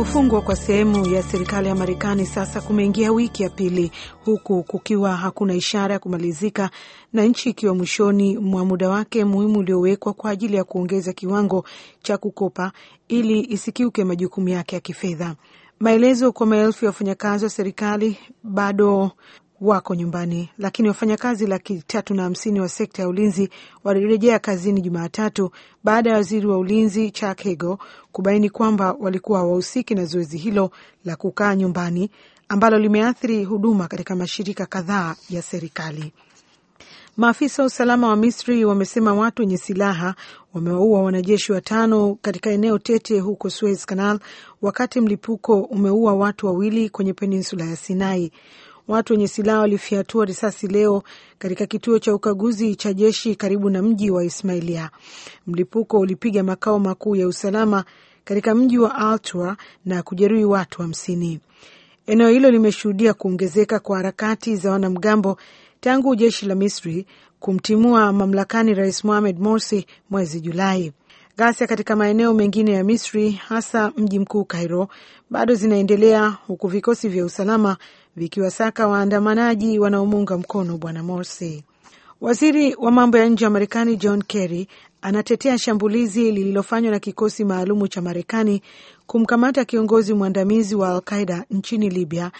Kufungwa kwa sehemu ya serikali ya Marekani sasa kumeingia wiki ya pili huku kukiwa hakuna ishara ya kumalizika na nchi ikiwa mwishoni mwa muda wake muhimu uliowekwa kwa ajili ya kuongeza kiwango cha kukopa ili isikiuke majukumu yake ya kifedha. Maelezo kwa maelfu ya wafanyakazi wa serikali bado wako nyumbani, lakini wafanyakazi laki tatu na hamsini wa sekta ya ulinzi walirejea kazini Jumatatu baada ya waziri wa ulinzi Chuck Hagel kubaini kwamba walikuwa hawahusiki na zoezi hilo la kukaa nyumbani ambalo limeathiri huduma katika mashirika kadhaa ya serikali. Maafisa wa usalama wa Misri wamesema watu wenye silaha wamewaua wanajeshi watano katika eneo tete huko Suez Canal, wakati mlipuko umeua watu wawili kwenye peninsula ya Sinai. Watu wenye silaha walifyatua risasi leo katika kituo cha ukaguzi cha jeshi karibu na mji wa Ismailia. Mlipuko ulipiga makao makuu ya usalama katika mji wa Altua na kujeruhi watu hamsini. Wa eneo hilo limeshuhudia kuongezeka kwa harakati za wanamgambo tangu jeshi la Misri kumtimua mamlakani Rais Mohamed Morsi mwezi Julai. Ghasia katika maeneo mengine ya Misri, hasa mji mkuu Cairo, bado zinaendelea huku vikosi vya usalama vikiwasaka waandamanaji wanaomuunga mkono bwana Morsi. Waziri wa mambo ya nje wa Marekani John Kerry anatetea shambulizi lililofanywa na kikosi maalumu cha Marekani kumkamata kiongozi mwandamizi wa Al Qaida nchini Libya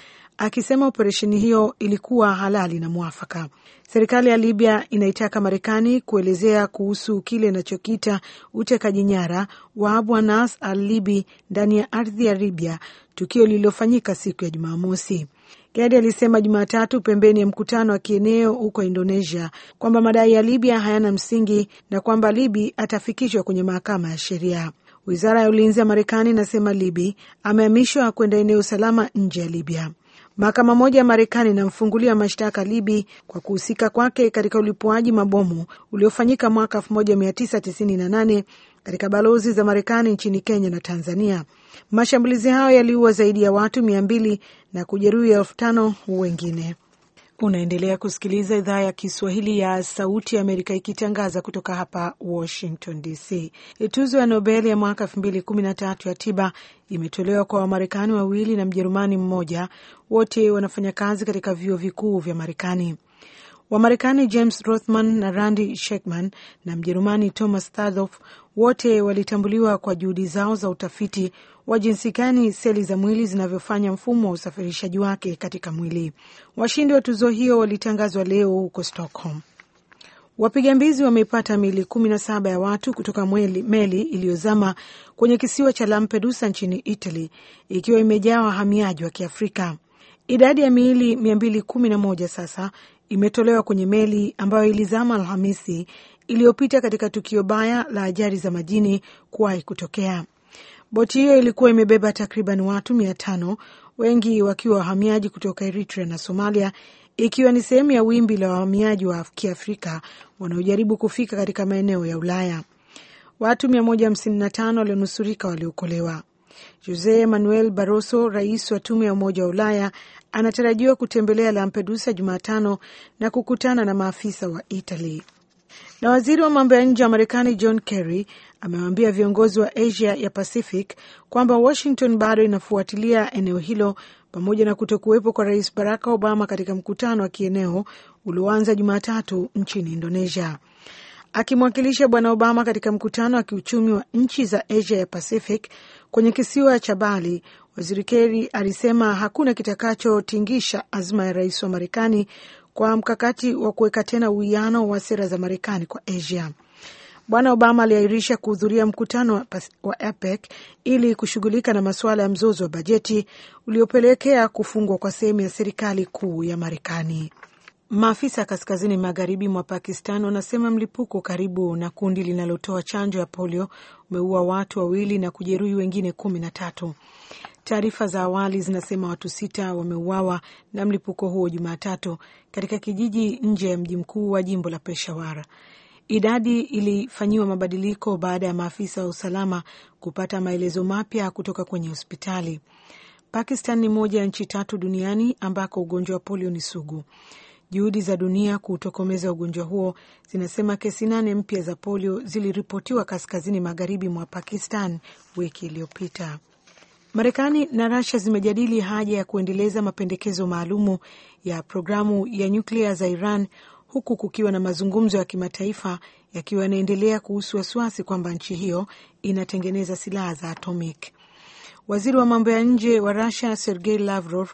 akisema operesheni hiyo ilikuwa halali na mwafaka. Serikali ya Libya inaitaka Marekani kuelezea kuhusu kile inachokita utekaji nyara wa Abu Anas al Libi ndani ya ardhi ya Libya, tukio lililofanyika siku ya Jumamosi. Gadi alisema Jumatatu pembeni ya mkutano wa kieneo huko Indonesia kwamba madai ya Libya hayana msingi na kwamba Libi atafikishwa kwenye mahakama ya sheria. Wizara ya ulinzi ya Marekani inasema Libi amehamishwa kwenda eneo salama nje ya Libya. Mahakama moja ya Marekani inamfungulia mashtaka Libi kwa kuhusika kwake katika ulipuaji mabomu uliofanyika mwaka 1998 katika balozi za Marekani nchini Kenya na Tanzania. Mashambulizi hayo yaliua zaidi ya watu mia mbili na kujeruhi elfu tano wengine. Unaendelea kusikiliza idhaa ya Kiswahili ya Sauti ya Amerika ikitangaza kutoka hapa Washington DC. Tuzo ya Nobel ya mwaka tatu ya tiba imetolewa kwa Wamarekani wawili na Mjerumani mmoja, wote wanafanya kazi katika vyuo vikuu vya Marekani. Wamarekani James Rothman na Randy Shekman na Mjerumani Thomas Thadhof wote walitambuliwa kwa juhudi zao za utafiti wa jinsi gani seli za mwili zinavyofanya mfumo wa usafirishaji wake katika mwili. Washindi wa tuzo hiyo walitangazwa leo huko Stockholm. Wapiga mbizi wamepata miili kumi na saba ya watu kutoka mweli, meli iliyozama kwenye kisiwa cha Lampedusa nchini Italy ikiwa imejaa wahamiaji wa Kiafrika. Idadi ya miili mia mbili kumi na moja sasa imetolewa kwenye meli ambayo ilizama Alhamisi iliyopita katika tukio baya la ajali za majini kuwahi kutokea. Boti hiyo ilikuwa imebeba takriban watu mia tano, wengi wakiwa wahamiaji kutoka Eritrea na Somalia, ikiwa ni sehemu ya wimbi la wahamiaji wa Kiafrika wanaojaribu kufika katika maeneo ya Ulaya. Watu 155 walionusurika waliokolewa. Jose Manuel Barroso, rais wa tume ya Umoja wa Ulaya, anatarajiwa kutembelea Lampedusa Jumatano na kukutana na maafisa wa Italy. Na waziri wa mambo ya nje wa Marekani John Kerry amewaambia viongozi wa Asia ya Pacific kwamba Washington bado inafuatilia eneo hilo pamoja na kutokuwepo kwa Rais Barack Obama katika mkutano wa kieneo ulioanza Jumatatu nchini Indonesia akimwakilisha Bwana Obama katika mkutano wa kiuchumi wa nchi za Asia ya Pacific kwenye kisiwa cha Bali. Waziri Kerry alisema hakuna kitakachotingisha azma ya rais wa Marekani kwa mkakati wa kuweka tena uwiano wa sera za Marekani kwa Asia. Bwana Obama aliahirisha kuhudhuria mkutano wa APEC ili kushughulika na masuala ya mzozo wa bajeti uliopelekea kufungwa kwa sehemu ya serikali kuu ya Marekani. Maafisa kaskazini magharibi mwa Pakistan wanasema mlipuko karibu na kundi linalotoa chanjo ya polio umeua watu wawili na kujeruhi wengine kumi na tatu. Taarifa za awali zinasema watu sita wameuawa na mlipuko huo Jumatatu katika kijiji nje ya mji mkuu wa jimbo la Peshawar. Idadi ilifanyiwa mabadiliko baada ya maafisa wa usalama kupata maelezo mapya kutoka kwenye hospitali. Pakistan ni moja ya nchi tatu duniani ambako ugonjwa wa polio ni sugu. Juhudi za dunia kuutokomeza ugonjwa huo zinasema kesi nane mpya za polio ziliripotiwa kaskazini magharibi mwa Pakistan wiki iliyopita. Marekani na rasia zimejadili haja ya kuendeleza mapendekezo maalumu ya programu ya nyuklia za Iran huku kukiwa na mazungumzo ya kimataifa yakiwa yanaendelea kuhusu wasiwasi kwamba nchi hiyo inatengeneza silaha za atomic. Waziri wa mambo ya nje wa Rusia Sergei Lavrov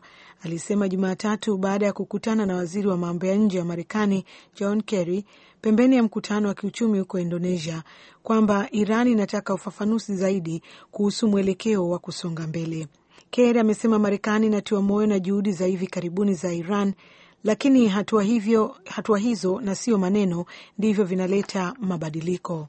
alisema Jumatatu baada ya kukutana na waziri wa mambo ya nje wa Marekani John Kerry pembeni ya mkutano wa kiuchumi huko Indonesia kwamba Iran inataka ufafanuzi zaidi kuhusu mwelekeo wa kusonga mbele. Kerry amesema Marekani inatiwa moyo na juhudi za hivi karibuni za Iran, lakini hatua hivyo, hatua hizo na sio maneno ndivyo vinaleta mabadiliko